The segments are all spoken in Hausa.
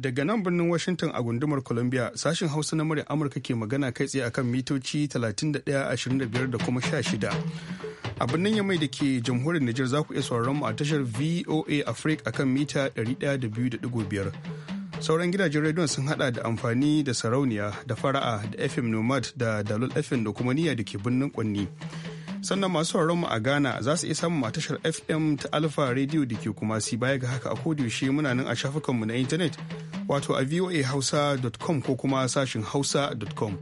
Daga nan birnin Washington a gundumar Columbia sashin Hausa na murya Amurka ke magana kai tsaye akan mitoci 31.25 da kuma 16. A birnin Yamai da ke jamhuriyar Nijar za ku iya sauraron mu a tashar VOA Africa akan mita 102.5. Sauran gidajen rediyon sun hada da amfani da sarauniya da fara'a da FM Nomad da Dalol FM da kuma niyya da ke birnin Kwanni. sannan masu mu a ghana za su iya samun matashar fm ta alpha radio da ke kuma si baya ga haka a kodiyaushe muna nan a shafukanmu na intanet wato a voahausa.com ko kuma sashin hausa.com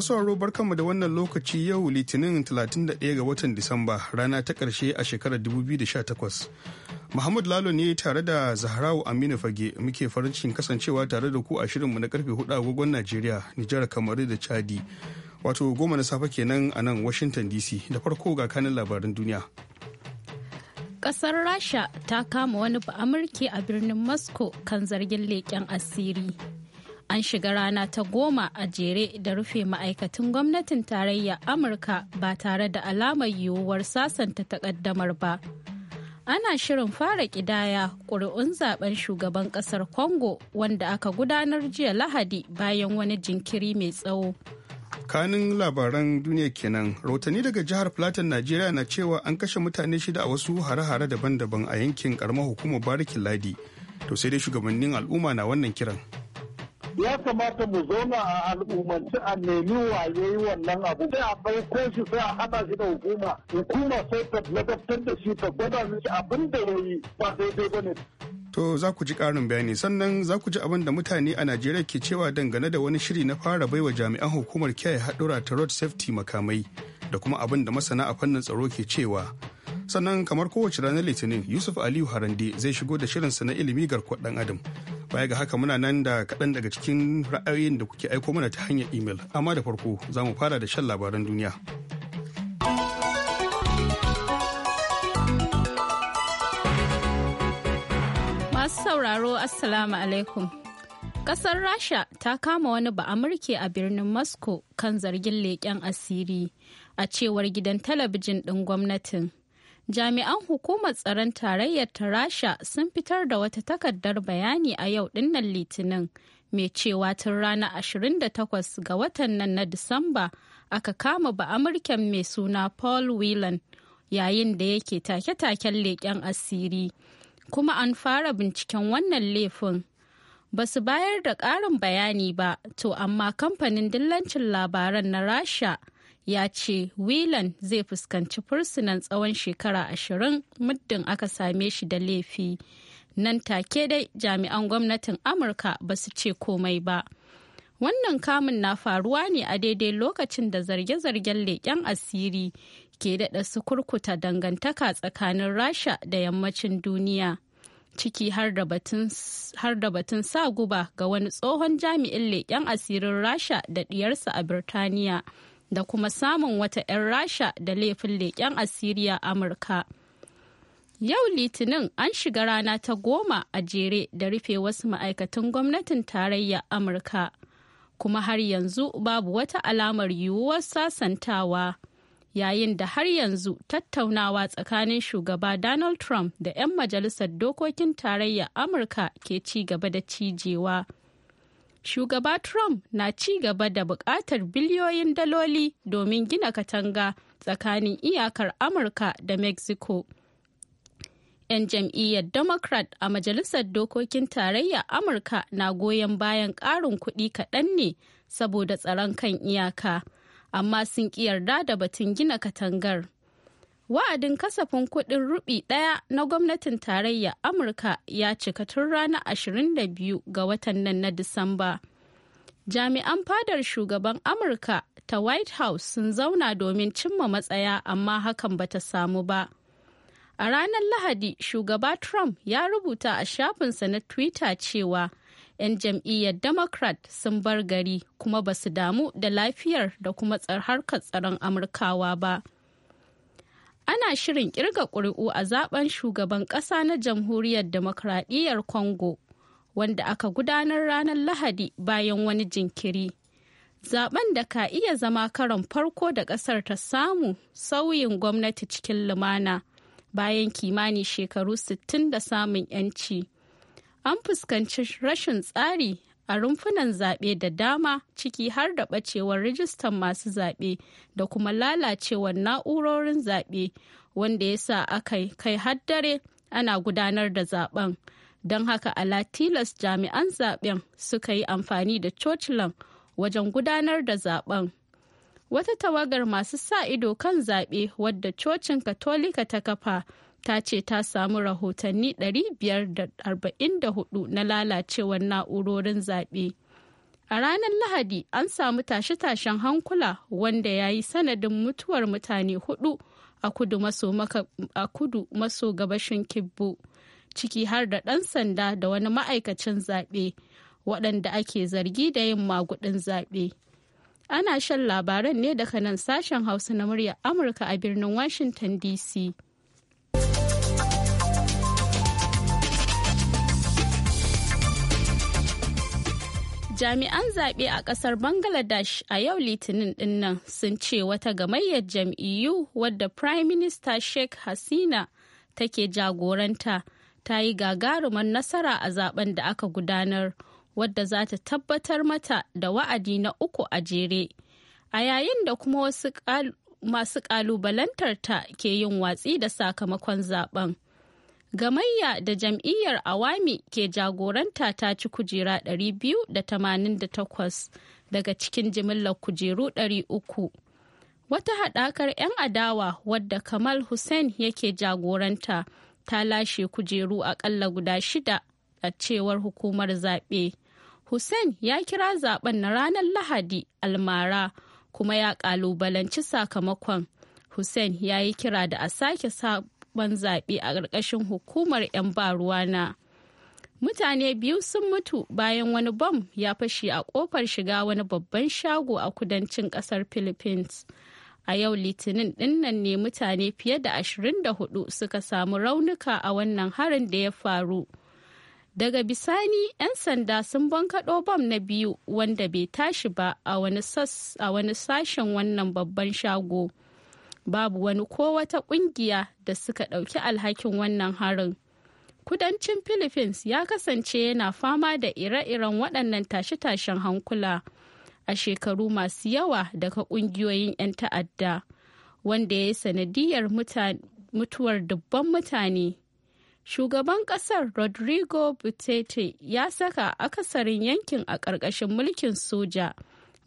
masu haro barkanmu da wannan lokaci yau litinin 31 ga watan disamba rana ta karshe a shekarar 2018 Muhammad Lalo ne tare da Zahrau Aminu Fage muke farin cikin kasancewa tare da ku a shirinmu na karfe 4 agogon Najeriya, Nijar, Kamaru da Chadi. Wato goma na safe kenan a nan Washington DC da farko ga kanin labaran duniya. Kasar Rasha ta kama wani Amurki a birnin Moscow kan zargin leƙen asiri. an shiga rana ta goma a jere da rufe ma'aikatan gwamnatin tarayya amurka ba tare da alamar yiwuwar sasanta takaddamar ba ana shirin fara kidaya ƙuri'un zaben shugaban ƙasar congo wanda aka gudanar jiya lahadi bayan wani jinkiri mai tsawo kanin labaran duniya kenan rahotanni daga jihar plateau najeriya na cewa an kashe mutane shida a wasu hare-hare daban-daban a yankin karamar hukumar barikin ladi to sai dai shugabannin al'umma na wannan kiran ya kamata mu zauna a al'ummanci a nemi waye wannan abu sai a bai shi sai a hana shi da hukuma hukuma sai ta ladabtar da shi ta gwada mishi abin da ya yi ba daidai ba ne. To za ku ji ƙarin bayani sannan za ku ji abin da mutane a Najeriya ke cewa dangane da wani shiri na fara baiwa jami'an hukumar kiyaye haɗura ta road safety makamai da kuma abin da masana a fannin tsaro ke cewa. Sannan kamar kowace ranar Litinin Yusuf Aliyu Harande zai shigo da shirinsa na ilimi garkuwar ɗan Adam. Baya ga haka muna nan da kaɗan daga cikin ra'ayoyin da kuke aiko mana ta hanyar imel, amma da farko za mu fara da shan labaran duniya. Masu sauraro, Assalamu alaikum. Ƙasar Rasha ta kama wani ba'amurke a birnin Moscow kan zargin leƙen asiri a cewar gidan talabijin ɗin gwamnatin. jami'an hukumar tsaron tarayyar ta rasha sun fitar da wata takardar bayani a yau dinnan litinin mai cewa tun ranar 28 ga watan nan na disamba aka kama ba amurken mai suna paul whelan yayin da yake take-taken leƙen asiri kuma an fara binciken wannan laifin ba su bayar da ƙarin bayani ba to amma kamfanin dillancin labaran na rasha ya ce whelan zai fuskanci fursunan tsawon shekara ashirin muddin aka same shi da laifi nan take dai jami'an gwamnatin amurka ba su ce komai ba wannan kamun na faruwa ne a daidai lokacin da zarge-zargen leƙen asiri ke daɗa su kurkuta dangantaka tsakanin rasha da yammacin duniya ciki har da batun sa guba ga wani tsohon jami'in leƙen asirin rasha da ɗiyarsa a birtaniya da kuma samun wata 'yan rasha da laifin leƙen asiriya amurka yau litinin an shiga rana ta goma a jere da rufe wasu ma'aikatan gwamnatin tarayya amurka kuma har yanzu babu wata alamar yiwuwar sasantawa yayin da har yanzu tattaunawa tsakanin shugaba donald trump da 'yan majalisar dokokin tarayya amurka ke ci gaba da cijewa. shugaba Trump na ci gaba da buƙatar biliyoyin daloli domin gina katanga tsakanin iyakar Amurka da Mexico. 'Yan jam'iyyar Democrat a Majalisar Dokokin Tarayya Amurka na goyon bayan ƙarin kuɗi kaɗan ne saboda tsaron kan iyaka, amma sun ƙi yarda da batun gina katangar. wa'adin kasafin kuɗin rubi ɗaya na gwamnatin tarayya amurka ya cika tun ranar 22 ga watan nan na disamba jami'an fadar shugaban amurka ta white house sun zauna domin cimma matsaya amma hakan bata samu ba a ranar lahadi shugaba trump ya rubuta a shafinsa na twitter cewa 'yan jam'iyyar democrat sun bar gari kuma ba su damu da lafiyar da kuma harkar tsaron amurkawa ba. ana shirin kirga ƙuri'u a zaben shugaban ƙasa na jamhuriyar demokradiyyar congo wanda aka gudanar ranar lahadi bayan wani jinkiri zaben da ka iya zama karon farko da ƙasar ta samu sauyin gwamnati cikin lumana bayan kimanin shekaru 60 da samun 'yanci an fuskanci rashin tsari a rumfunan zaɓe da dama ciki har da ɓacewar rijistar masu zaɓe da kuma lalacewar na'urorin zaɓe wanda ya sa aka kai haddare ana gudanar da zaɓen, don haka ala tilas jami'an zaɓen suka yi amfani da cocilan wajen gudanar da zaɓen. wata tawagar masu sa ido kan zaɓe wadda cocin katolika ta kafa ta ce ta samu rahotanni 544 na lalacewar na'urorin zaɓe. A ranar Lahadi an samu tashe-tashen hankula wanda ya yi sanadin mutuwar mutane hudu a kudu maso gabashin Kibbu, ciki har da ɗan sanda da wani ma'aikacin zaɓe waɗanda ake zargi da yin magudin zaɓe. Ana shan labaran ne daga nan sashen Hausa na murya Amurka a birnin Washington DC. Jami'an zaɓe a ƙasar Bangladesh a yau Litinin dinnan sun ce wata gamayyar jam'iyyu wadda Prime Minister Sheikh Hasina take jagoranta ta yi gagarumar nasara a zaben da aka gudanar wadda za ta tabbatar mata da wa'adi na uku a jere. A yayin da kuma wasu masu ƙalubalantarta ke yin watsi da sakamakon zaben. gamayya da jam'iyyar awami ke jagoranta ta ci kujera 288 daga cikin jimillar kujeru 300 wata haɗakar 'yan adawa wadda kamal hussein yake jagoranta ta lashe kujeru aƙalla guda shida a cewar hukumar zaɓe hussein ya kira zaɓen na ranar lahadi almara kuma ya ƙalubalanci sakamakon hussein ya yi kira da a sake karɓan zaɓe a ƙarƙashin hukumar 'yan ba na. Mutane biyu sun mutu bayan wani bom ya fashe a ƙofar shiga wani babban shago a kudancin ƙasar Philippines. A yau Litinin ɗinnan ne mutane fiye da 24 suka samu raunuka a wannan harin da ya faru. daga bisani 'yan sanda sun bankaɗo bom na biyu wanda bai tashi ba a wani sashen wannan babban shago babu wani ko wata kungiya da suka ɗauki alhakin wannan harin. Kudancin Philippines ya kasance yana fama da ire-iren waɗannan tashe-tashen hankula a shekaru masu yawa daga ƙungiyoyin 'yan ta'adda, wanda ya yi sanadiyar mutuwar dubban mutane. Shugaban ƙasar Rodrigo Butete ya saka akasarin yankin a ƙarƙashin mulkin soja.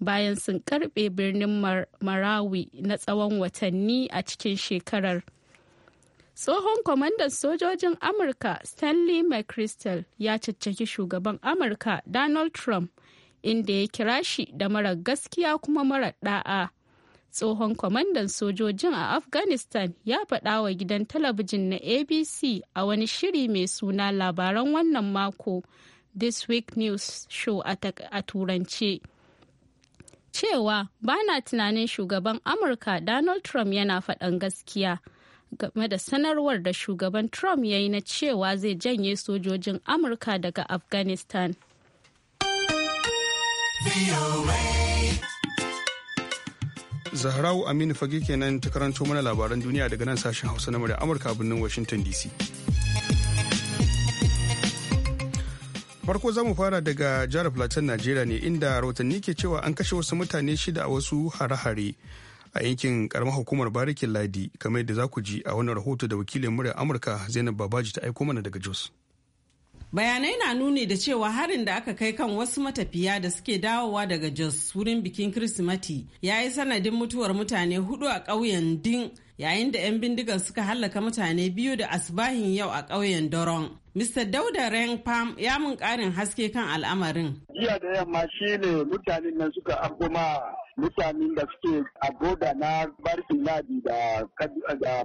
bayan sun karbe birnin marawi na tsawon watanni a cikin shekarar tsohon kwamandan sojojin amurka stanley mcchrystal ya caccaki shugaban amurka donald trump inda ya kira shi da mara gaskiya kuma mara da'a tsohon kwamandan sojojin a afghanistan ya faɗa wa gidan talabijin na abc a wani shiri mai suna labaran wannan mako this week news show a turance cewa ba na tunanin shugaban Amurka Donald Trump yana faɗan gaskiya game da sanarwar da shugaban Trump ya yi na cewa zai janye sojojin Amurka daga Afghanistan. zahrawu Aminu Fage kenan ta karanto mana labaran duniya daga nan sashen Hausa na Amurka birnin Washington DC. farko za mu fara daga jihar plateau najeriya ne inda rahotanni ke cewa an kashe wasu mutane shida a wasu hare-hare a yankin karamar hukumar barikin ladi kamar yadda za ku ji a wani rahoto da wakilin murya amurka zainab babaji ta aiko mana daga jos bayanai na nuni da cewa harin da aka kai kan wasu matafiya da suke dawowa daga jos wurin bikin kirsimati ya yi sanadin mutuwar mutane hudu a ƙauyen din yayin da 'yan bindigar suka hallaka mutane biyu da asibahin yau a ƙauyen doron Mr. Dauda Rengpam ya mun ƙarin haske kan al'amarin. Jiya da yamma shine ne mutanen nan suka abuma mutanen da suke a boda na barkin ladi da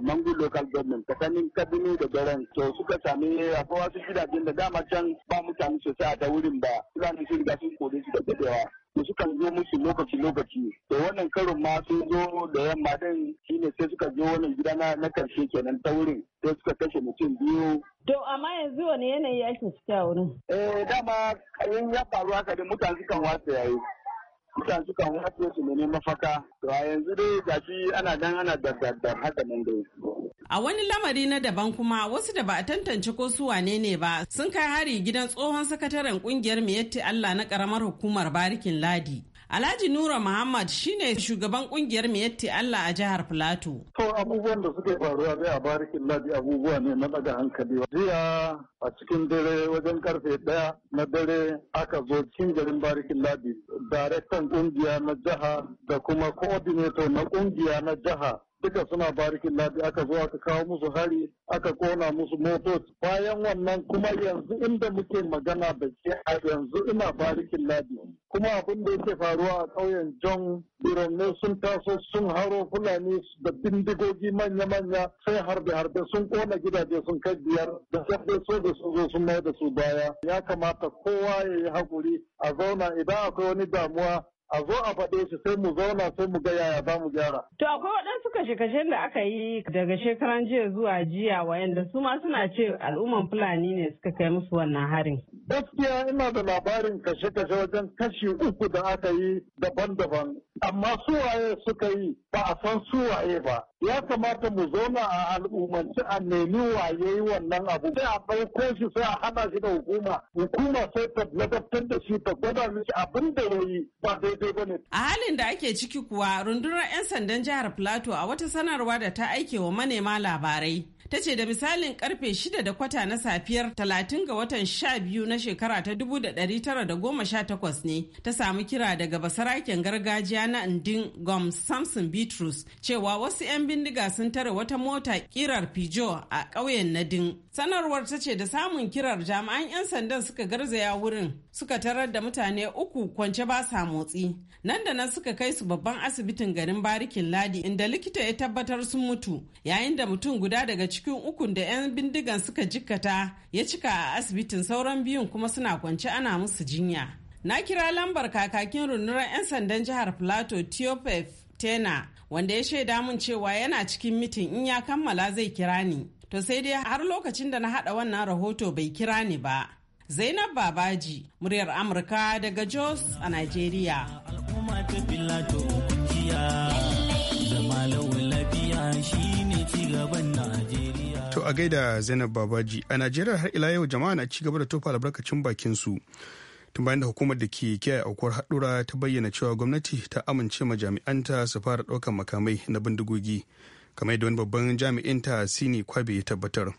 mangu local government tsakanin kaduna da garan to suka sami su wasu gidajen da dama can ba mutane sosai a da wurin ba fulani sun riga sun kore su da dadewa da suka zo musu lokaci-lokaci da wannan karon ma sun zo da yamma din shine sai suka zo wannan gida na karshe kenan ta wurin sai suka kashe mutum biyu To amma yanzu wani yanayi ake ciki a wurin? Eh dama in ya faru haka da mutane sukan wasa yayi. mutane suka wato su ne mafaka to a yanzu dai gashi ana dan ana da haka nan dai A wani lamari na daban kuma wasu da ba a tantance ko su wane ne ba sun kai hari gidan tsohon sakataren kungiyar Miyatti Allah na karamar hukumar Barikin Ladi Alhaji Nura Muhammad shine shugaban kungiyar Miyatti Allah a jihar Filato. To abubuwan da suke faruwa dai a barikin ladi abubuwa ne na daga hankali. Jiya a cikin dare wajen karfe daya na dare aka zo cikin garin barikin ladi. Daraktan kungiya na jiha da kuma coordinator na kungiya na jiha duka suna barikin Ladi aka zo aka kawo musu hari aka kona musu motoci bayan wannan kuma yanzu inda muke magana da ke yanzu ina barikin Ladi. kuma abin da yake faruwa a ƙauyen john birane sun taso sun haro fulani da bindigogi manya-manya sai harbe-harbe sun kona gidaje sun kai biyar da sabbe so da sun zo sun mai da su baya ya kamata kowa ya yi haƙuri a zauna idan akwai wani damuwa a zo a faɗe shi sai mu zauna sai mu ga yaya za mu gyara. To akwai waɗansu kashe-kashen da aka yi daga shekaran jiya zuwa jiya wayanda su ma suna ce al'umman Fulani ne suka kai musu wannan harin. Gaskiya ina da labarin kashe-kashe wajen kashi uku da aka yi daban-daban amma suwaye suka yi ba a san su waye ba. ya kamata mu zauna a al'ummanci a nemi waye wannan abu sai a ɗauko shi sai a hana shi da hukuma hukuma sai ta ladabtar da shi ta gwada mishi abin da ya yi ba daidai ba ne. a halin da ake ciki kuwa rundunar 'yan sandan jihar plateau a wata sanarwa da ta aike wa manema labarai ta ce da misalin karfe shida da kwata na safiyar talatin ga watan sha biyu na shekara ta dubu da ɗari tara da goma sha takwas ne ta samu kira daga basaraken gargajiya na indin gom samson bitrus cewa wasu 'yan bindiga sun tare wata mota kirar pijo a ƙauyen nadin sanarwar ta ce da samun kirar jami'an 'yan sandan suka garzaya wurin suka tarar da mutane uku kwance ba sa motsi nan da nan suka kai su babban asibitin garin barikin ladi inda likita ya tabbatar sun mutu yayin da mutum guda daga cikin ukun da 'yan bindigan suka jikkata ya cika a asibitin sauran biyun kuma suna kwance ana musu jinya. Na kira lambar kakakin rundunar 'yan sandan jihar plato tiopef Tena wanda ya shaida mun cewa yana cikin mitin in ya kammala zai kira ni. To sai dai har lokacin da na haɗa wannan rahoto bai kira ni ba. Zainab Babaji, muryar Amurka daga Jos a Najeriya. Al'umma ta zama lafiya shine ci gaban To a gaida Zainab Babaji a Najeriya har ila yau jama'a na ci gaba da tofa albarkacin bakin su. Tun bayan da hukumar da ke kiyaye aukuwar haɗura ta bayyana cewa gwamnati ta amince ma jami'anta su fara ɗaukar makamai na bindigogi kamar yadda wani babban ta Sini Kwabe ya tabbatar.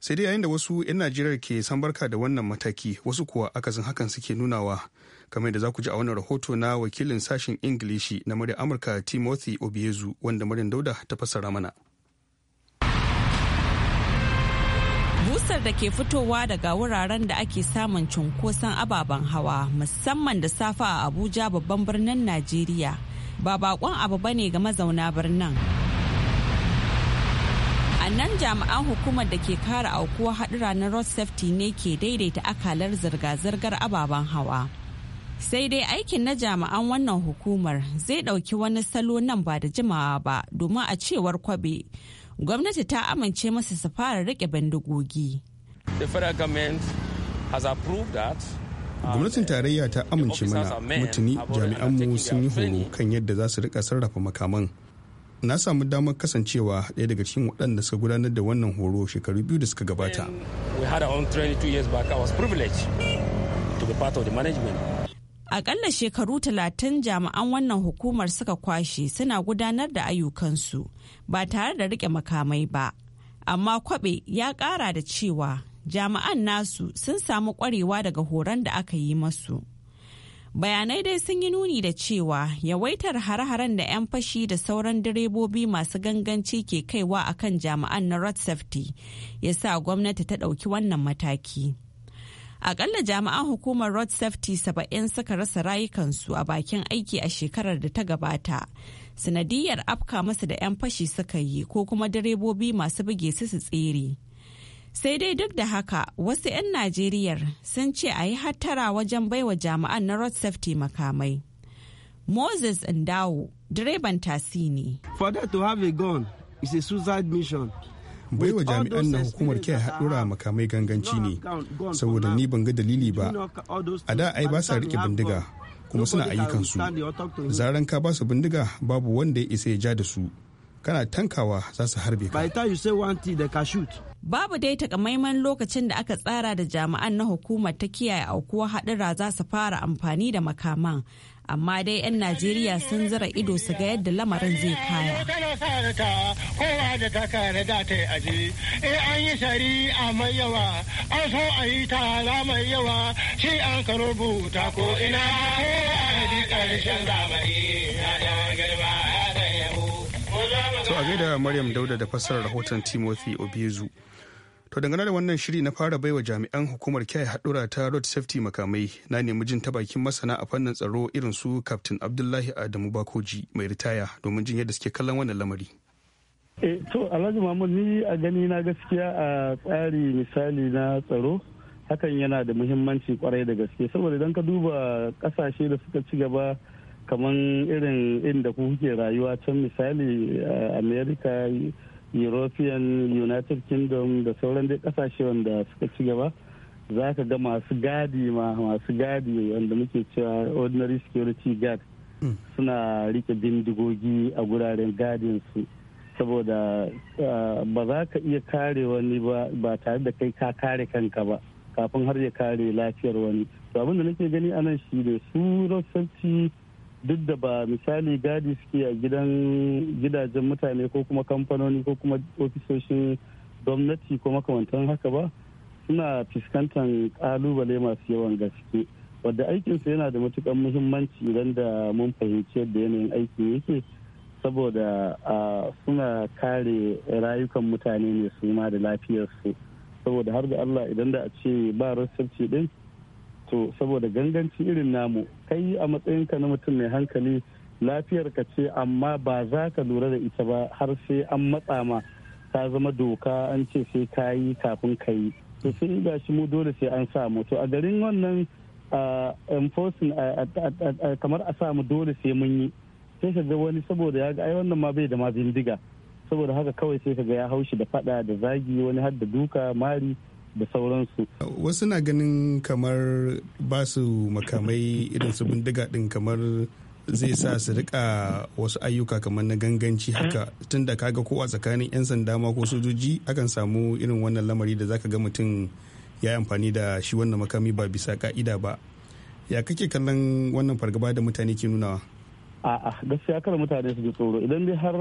Sai dai yayin da wasu 'yan Najeriya ke san barka da wannan mataki wasu kuwa akasin hakan suke nunawa kamar yadda za ku ji a wannan rahoto na wakilin sashen Ingilishi na murya Amurka Timothy Obiezu wanda muryan Dauda ta fassara mana. ƙasar da ke fitowa daga wuraren da ake samun cunkoson ababen hawa musamman da safa a Abuja babban birnin Najeriya ba bakon abu bane ga mazauna birnin. A nan jami'an hukumar da ke kare aukuwa haɗura na road safety ne ke daidaita akalar zirga-zirgar ababen hawa. sai dai aikin na jami'an wannan hukumar zai ɗauki wani salo nan ba da jimawa ba domin a cewar kwabe gwamnati ta amince masa su fara rike bindigogi. gwamnatin tarayya ta amince mana mutuni jami'anmu sun yi horo kan yadda za su rika sarrafa makaman na samu damar kasancewa ɗaya daga cikin waɗanda suka gudanar da wannan horo shekaru biyu da suka gabata Akalla shekaru talatin jami'an wannan hukumar suka kwashe suna gudanar da ayyukansu ba tare da rike makamai ba. Amma kwabe ya ƙara da cewa jami'an nasu sun samu ƙwarewa daga horon da aka yi masu. bayanai dai sun yi nuni da cewa yawaitar hare-haren da 'yan fashi da sauran direbobi masu ganganci ke kaiwa akan jami'an na road safety ya sa gwamnati ta ɗauki wannan mataki. Akalla jami'an hukumar Road Safety saba'in suka rasa rayukansu a bakin aiki a shekarar da ta gabata. Sanadiyar afka masa da 'yan fashi suka yi ko kuma direbobi masu buge su su tsere. sai dai duk da haka wasu 'yan najeriyar sun ce a yi hattara wajen baiwa jami'an na road safety makamai moses ndawo direban tasi ne for that to have a gun is a suicide mission bai wa jami'an na hukumar kiyaye haɗura makamai ganganci ne saboda ni ban ga dalili ba a da ai ba sa rike bindiga kuma suna ayyukansu zaran ka ba su bindiga babu wanda ya isa ya ja da su kana tankawa za su harbe ka babu dai takamaiman lokacin da aka tsara da jami'an na hukumar ta kiyaye aukuwa haɗura za su fara amfani da makaman amma dai 'yan najeriya sun zira ido su ga yadda lamarin zai kaya kowa da ta kare da ta yawa tara mai yawa shi an gaida maryam dauda da fassarar rahoton timothy obizu To dangane da wannan shiri na fara baiwa jami'an hukumar kiyaye haɗura ta road safety makamai na nemi jin ta bakin masana a fannin tsaro irin su Captain Abdullahi Adamu Bakoji mai ritaya domin jin yadda suke kallon wannan lamari. e to Alhaji muhammad ni a gani na gaskiya a tsari misali na tsaro hakan yana da muhimmanci kwarai da gaske saboda idan ka duba kasashe da suka ci gaba kamar irin inda kuke rayuwa can misali eh, America european united kingdom da sauran dai kasashe wanda suka ci gaba za ka ga masu gadi ma masu gadi wanda muke cewa ordinary security guard hmm. suna rike bindigogi a guraren gadin su saboda ah, ba za ka iya kare wani ba tare da kai ka kare kanka ba kafin har ya kare lafiyar wani to abin da nake gani anan shi ne su rosarci duk da ba misali gadi suke a gidan gidajen mutane ko kuma kamfanoni ko kuma ofisoshin gwamnati ko makamantan haka ba suna fuskantar kalubale masu yawan gaske wadda aikinsa yana da matukan muhimmanci idan da mun fahimci yadda yanayin aikin yake saboda suna kare rayukan mutane ne su ma da lafiyarsu saboda har da allah idan da a ce ba rassarci din to saboda ganganci irin namu kai a matsayinka na mutum mai hankali lafiyar ka ce amma ba za ka lura da ita ba har sai an matsa ma ta zama doka an ce sai ka yi kafin ka yi to sai ga shi mu dole sai an samu to a garin wannan enforcing kamar a samu dole sai mun yi sai ka ga wani saboda ya ga ai wannan ma bai da ma bindiga saboda haka kawai sai ka ga ya haushi da fada da zagi wani har da duka mari da sauransu. Wasu na ganin kamar ba su makamai irin su bindiga din kamar zai sa su rika wasu ayyuka kamar na ganganci haka tunda kaga ko a tsakanin 'yan sanda ma ko sojoji akan samu irin wannan lamari da zaka ga mutum ya amfani da shi wannan makami ba bisa ka'ida ba ya kake kallon wannan fargaba da mutane ke nunawa a'a gaskiya kar mutane su ji tsoro idan dai har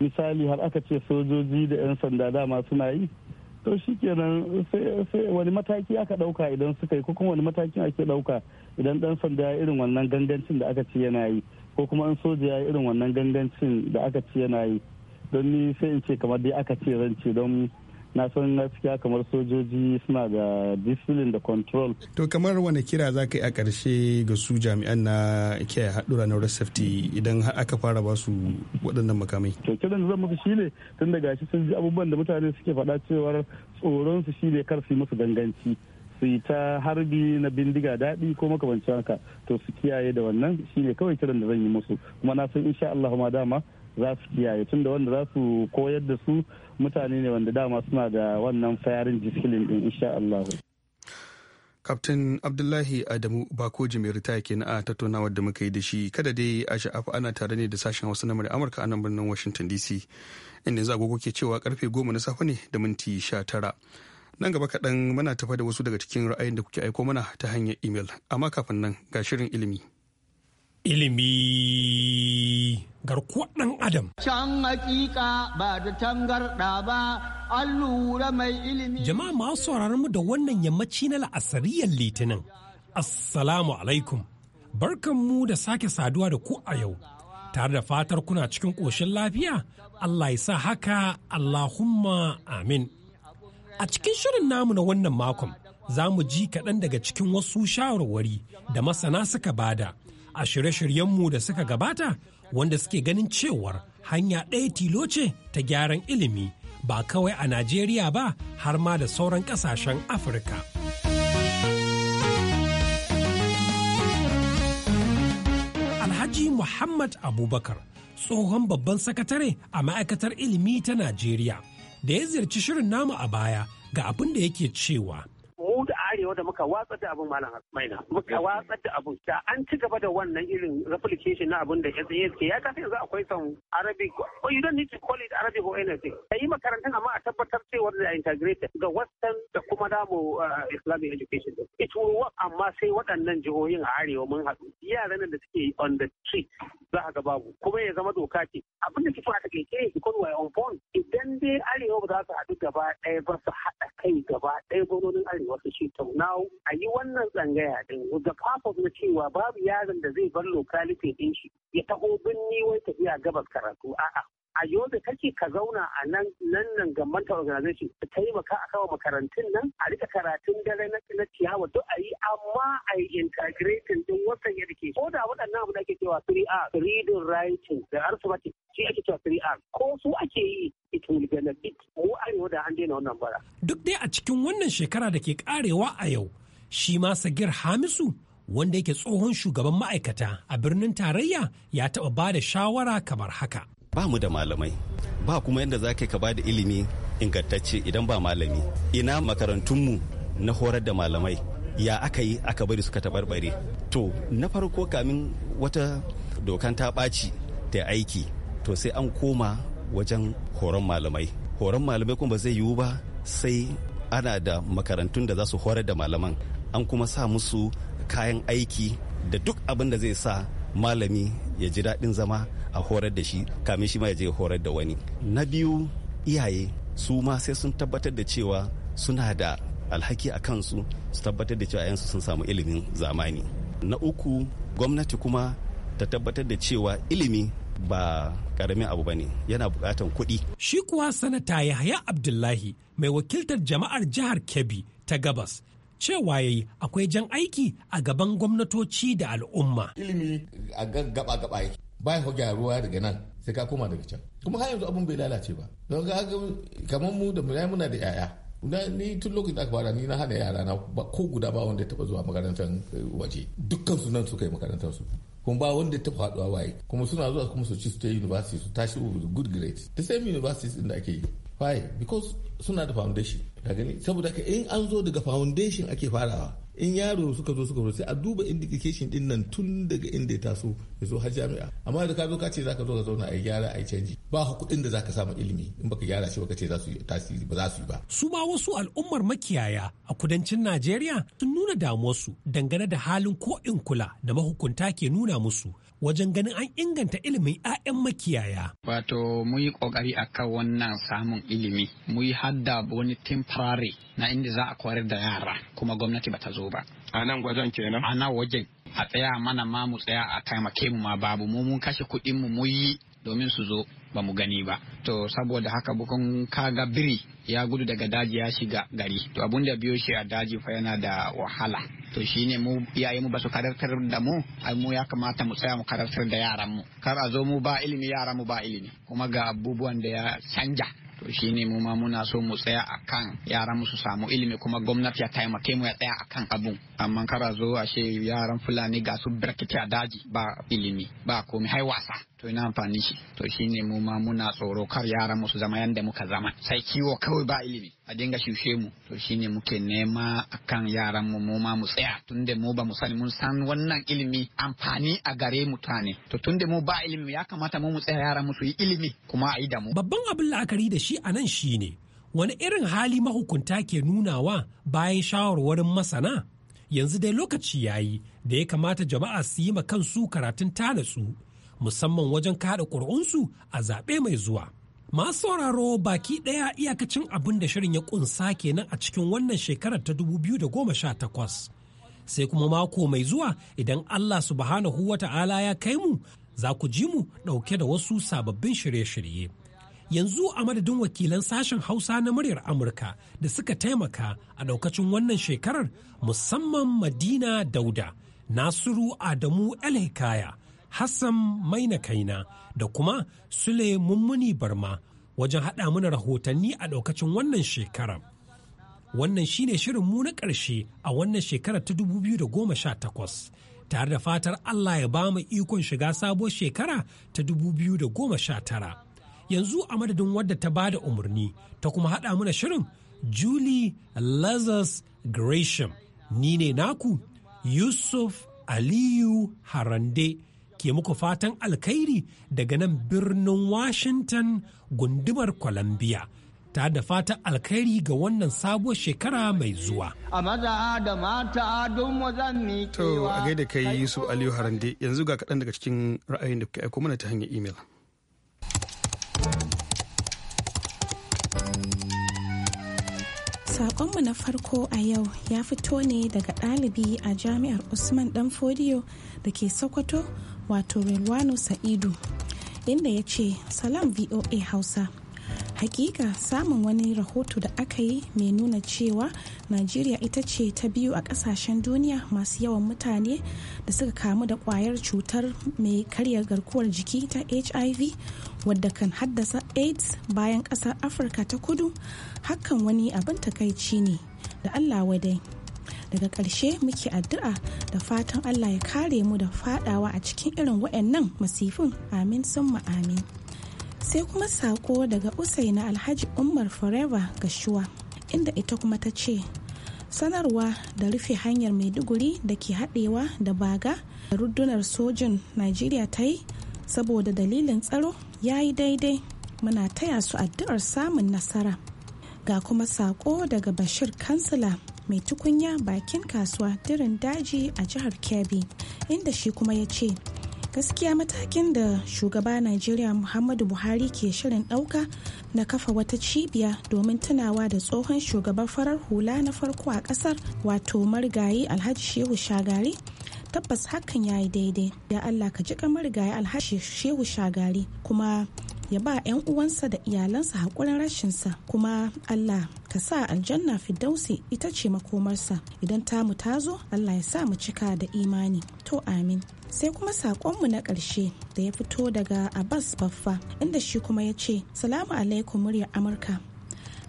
misali har aka ce sojoji da 'yan sanda dama suna yi to shi kenan sai wani mataki aka dauka idan suka yi ko kuma wani matakin ake dauka idan dan sanda ya irin wannan gangancin da aka ci yana yi ko kuma an soja ya irin wannan gangancin da aka ci yana yi don ni sai in ce kamar dai aka ce zan ce don na san gaskiya kamar sojoji suna ga discipline da control to kamar wani kira za ka yi a ƙarshe ga su jami'an na kiyaye haɗura na safety idan aka fara ba su waɗannan makamai to kiran zan musu shine tun daga shi sun ji abubuwan da mutane suke faɗa cewar tsoron su shine kar su yi musu ganganci su yi ta harbi na bindiga daɗi ko makamancin haka to su kiyaye da wannan shine kawai kiran da zan yi musu kuma na san insha Allah ma dama za su kiyaye tun da wanda za su koyar da su mutane ne wanda dama suna da wannan fayarin diskilin din insha Allah. Kaftin Abdullahi Adamu Bako Jimeri ta yake na tattaunawar da muka yi da shi kada dai a sha'afa ana tare ne da sashen Hausa na Amurka a nan birnin Washington DC inda yanzu agogo ke cewa karfe goma na safe ne da minti sha tara. Nan gaba kaɗan muna tafa da wasu daga cikin ra'ayin da kuke aiko mana ta hanyar imel amma kafin nan ga shirin ilimi. Ilimi garkuwar ɗan adam. Can hakika ba da tangarɗa ba, an lura mai ilimi. Jama'a masu sauraron mu da wannan yammaci na la'asariyar litinin. Assalamu alaikum, barkan mu da sake saduwa da ku a yau. Tare da fatar kuna cikin ƙoshin lafiya, Allah ya sa haka Allahumma amin. A cikin shirin namu na wannan makon, za mu ji kaɗan daga cikin wasu shawarwari da masana suka bada a shirye-shiryenmu da suka gabata wanda suke ganin cewar hanya ɗaya tilo ce ta gyaran ilimi ba kawai a Najeriya ba har ma da sauran ƙasashen Afirka. Alhaji Muhammad Abubakar tsohon babban sakatare a ma'aikatar ilimi ta Najeriya da ya ziyarci shirin namu a baya ga abin da yake cewa. da arewa da muka watsa da abin malam maina muka watsa da abin da an ci gaba da wannan irin replication na abin da yanzu ke ya kasa yanzu akwai son Arabic or oh, you don't need to call it Arabic or anything yi makarantun amma a tabbatar cewa da integrated ga western da kuma namu uh, Islamic education it will work amma sai waɗannan jihohin a arewa mun haɗu yaran da suke on the street za ka ga babu kuma ya zama doka ce abin da kifa ta keke because we on phone idan dai arewa ba za su haɗu gaba ɗaya ba su haɗa kai gaba ɗaya gwamnonin arewa su su ce a yi wannan tsangaya din da purpose na cewa babu yaron da zai bar locality din shi ya taho birni wai tafiya gabas karatu a'a a yau da kake ka zauna a nan nan nan ga manta organization ta taimaka a kawo makarantun nan a rika karatun dare na na ciyawa duk a yi amma a yi integrating din wasan yadda ko da waɗannan abu da ake cewa 3R reading writing da arithmetic shi ake cewa 3R ko su ake yi it will benefit da an daina wannan bara. Duk dai a cikin wannan shekara da ke karewa a yau, shi ma Sagir Hamisu wanda yake tsohon shugaban ma'aikata a birnin tarayya ya taɓa ba da shawara kamar haka. Ba mu da malamai, ba kuma yadda za ka ba da ilimi ingantacce idan ba malami. Ina makarantunmu na horar da malamai, ya aka yi aka bari suka taɓarɓare. To, na farko kamin wata dokan ta ɓaci ta aiki, to sai an koma wajen horon malamai horon malamai kuma ba zai yiwu ba sai ana da makarantun da za su horar da malaman an kuma sa musu kayan aiki da duk abin da zai sa malami ya ji daɗin zama a horar da shi kamin shi ma ya je horar da wani na biyu iyaye su ma sai sun tabbatar da cewa suna da alhaki a kansu su tabbatar da cewa 'yansu sun samu ilimin zamani na uku gwamnati kuma ta tabbatar da cewa ilimi ba karamin abu ba ne yana bukatan kuɗi. Shi kuwa sanata Yahaya Abdullahi mai wakiltar jama'ar jihar Kebbi ta gabas cewa ya yi akwai jan aiki a gaban gwamnatoci da al'umma. Ilimi a gaba gaba ba a gyaruwa daga nan sai ka koma daga can. Kuma har yanzu abun bai lalace ba. Don ga kamar mu da muna da 'ya'ya ni tun lokacin da aka fara ni na hana yara na ko guda ba wanda ya taba zuwa makarantar eh, waje dukkan su nan suka yi makarantar su kuma ba wanda ta faɗuwa waye kuma suna zuwa kuma su ci su ta university su tashi with good grades the same universities din da ake yi why because suna da foundation ka gani saboda ka in an zo daga foundation ake farawa in yaro suka zo suka sai a duba indication din nan tun daga inda ya taso ya zo har jami'a amma da ka zo ka ce zaka zo ka zauna a gyara a canji ba ka kuɗin da zaka samu ilimi in baka gyara shi baka ce za tasiri ba za su yi ba su ma wasu al'ummar makiyaya a kudancin Najeriya sun nuna damuwarsu dangane da halin ko in kula da mahukunta ke nuna musu wajen ganin an inganta ilimin 'ya'yan makiyaya. Wato mu yi ƙoƙari a kan wannan samun ilimi, mu yi hadda wani temporary na inda za a koyar da yara kuma gwamnati bata zo ba. A nan wajen kenan? A nan wajen. A tsaya mana ma mu tsaya a taimake mu ma babu mu mun kashe kuɗin mu mu yi domin su zo ba mu gani ba to saboda haka bukun kaga biri ya gudu daga daji ya shiga gari to abun da biyo shi a daji fa yana da wahala to shine mu iyaye mu ba su karantar da mu ai mu ya kamata mu tsaya mu karantar da yaran mu kar a zo mu ba ilimi yaran mu ba ilimi kuma ga abubuwan da ya canja to shine mu ma muna so mu tsaya a kan yaran mu su samu ilimi kuma gwamnati ya taimake mu ya tsaya a kan abun amma a zo ashe yaran fulani ga su birkiti a daji ba ilimi ba komai hai wasa to ina amfani shi to shine mu ma muna tsoro kar yaran mu su zama yanda muka zama sai kiwo kawai ba ilimi a dinga shushe mu to shine muke nema akan yaran mu mu ma mu tsaya tunda mu ba mu sani mun san wannan ilimi amfani a gare mutane to tunda mu ba ilimi ya kamata mu mu tsaya yaran mu su yi ilimi kuma a yi da mu babban abin la'akari da shi anan nan shine wani irin hali mahukunta ke nunawa bayan shawarwarin masana yanzu dai lokaci yayi da ya kamata jama'a su yi ma kansu karatun tanatsu musamman wajen kada ƙuri'unsu a zaɓe mai zuwa. Masu sauraro baki ɗaya iyakacin abin da shirin ya ƙunsa kenan a cikin wannan shekarar ta 2018. Sai kuma mako mai zuwa idan Allah subhanahu wa ta'ala ya kai mu za ku ji mu ɗauke da wasu sababbin shirye-shirye. Yanzu a madadin wakilan sashen Hausa na muryar Amurka da suka taimaka a ɗaukacin wannan shekarar musamman Madina Dauda, Nasiru Adamu El Hikaya. Hassan Maina Kaina da kuma Sule Mummuni Barma wajen haɗa mana rahotanni a ɗaukacin wannan shekara. Wannan shi ne mu na ƙarshe a wannan shekarar ta 2018 tare da fatar Allah ya ba mu ikon shiga sabuwar shekara ta 2019. Yanzu a madadin wadda ta ba da umarni ta kuma haɗa mana shirin Julie Lazarus Gresham, ni ne naku Yusuf Aliyu Harande. ke muku fatan alkhairi daga nan birnin Washington gundumar Columbia. Ta da fatan alkhairi ga wannan sabuwar shekara mai zuwa. A maza da mata don wazan To, a gaida kai Yusuf Aliyu Harande yanzu ga kaɗan daga cikin ra'ayin da kuka aiko mana ta hanyar imel. Sakonmu na farko a yau ya fito ne daga ɗalibi a jami'ar Usman Danfodiyo da ke Sokoto wato relwano sa'idu inda ya ce salam voa hausa hakika samun wani rahoto da aka yi mai nuna cewa najeriya ita ce ta biyu a kasashen duniya masu yawan mutane da suka kamu da kwayar cutar mai karya garkuwar jiki ta hiv wadda kan haddasa aids bayan kasar afirka ta kudu hakan wani abin takaici ne da allah wadai daga ƙarshe muke addu'a da fatan allah ya kare mu da fadawa a cikin irin wa'annan masifin amin summa amin sai kuma sako daga usaina alhaji umar forever gashuwa inda ita kuma ta ce sanarwa da rufe hanyar maiduguri da ke haɗewa da baga da rundunar sojin najeriya ta yi saboda dalilin tsaro ya yi daidai muna taya su addu'ar samun nasara ga kuma sako daga bashir kansila mai tukunya bakin kasuwa dirin daji a jihar Kebbi inda shi kuma ya ce gaskiya matakin da shugaba Najeriya Muhammadu Buhari ke shirin dauka na kafa wata cibiya domin tunawa da tsohon shugaban farar hula na farko a kasar wato marigayi Alhaji Shehu Shagari tabbas hakan ya yi daidai ya Allah ka ji kamar gaya alhashi shehu shagari kuma ya ba 'yan uwansa da iyalansa haƙurin rashinsa kuma Allah ka sa aljanna fiddausi ita ce makomarsa idan tamu ta zo Allah ya sa mu cika da imani to amin sai kuma saƙonmu na ƙarshe da ya fito daga abbas baffa inda shi kuma ya ce salamu alaikum muryar amurka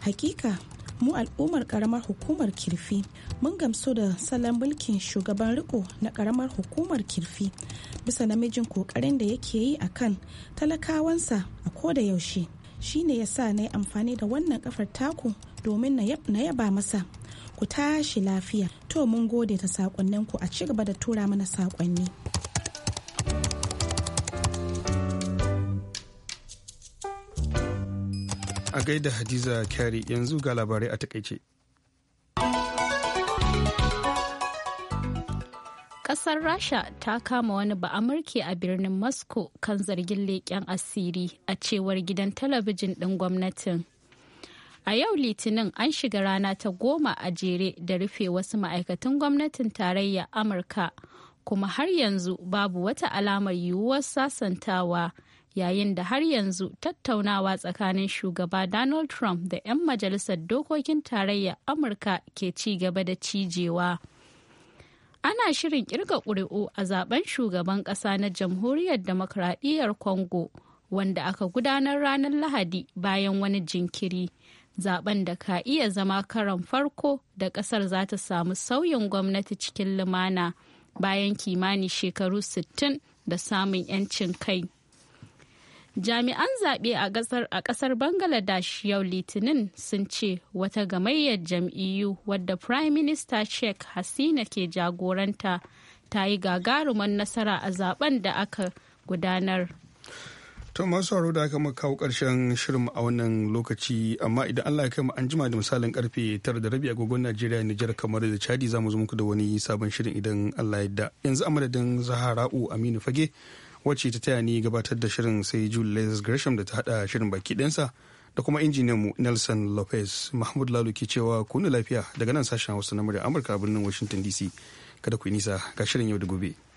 hakika mu al'ummar karamar hukumar kirfi mun gamsu da salon mulkin shugaban riko na karamar hukumar kirfi bisa namijin kokarin da yake yi akan talakawansa ko da yaushe ne ya sa na yi amfani da wannan kafar taku domin na yaba masa ku tashi lafiya to mun gode ta sakonninku a ci gaba da tura mana sakonni a gaida hadiza kyari yanzu ga labarai a takaice Kasar Rasha ta kama wani ba'amurke a birnin Moscow kan zargin leƙen asiri a cewar gidan talabijin ɗin gwamnatin. A yau Litinin an shiga rana ta goma a jere da rufe wasu ma'aikatan gwamnatin tarayya Amurka, kuma har yanzu babu wata alamar yiwuwar sasantawa yayin da har yanzu tattaunawa tsakanin shugaba Donald Trump da 'yan majalisar dokokin tarayya Amurka ke ci gaba da cijewa. ana shirin kirga ƙuri'u a zaben shugaban ƙasa na jamhuriyar demokradiyyar congo wanda aka gudanar ranar lahadi bayan wani jinkiri zaben da ka iya zama karan farko da ƙasar za ta samu sauyin gwamnati cikin lumana bayan kimanin shekaru 60 da samun 'yancin kai. jami'an zaɓe a ƙasar bangladesh yau litinin sun ce wata gamayyar jam'iyyu wadda prime minister sheikh hasina ke jagoranta ta yi gagarumar nasara a zaben da aka gudanar to masu haro da aka makawo kawo ƙarshen shirin a wannan lokaci amma idan allah ya kama an jima da misalin karfe tara da rabi agogon najeriya nijar kamar da chadi za mu zo muku da wani sabon shirin idan allah ya da yanzu a madadin zahara'u aminu fage wacce ta taya ni gabatar da shirin sai julius gresham da ta hada shirin baki dinsa da kuma injiniyanmu nelson lopez mahmud lalu ke cewa kuni lafiya daga nan sashen hausa na murya amurka birnin washington dc kada ku nisa ga shirin yau da gobe.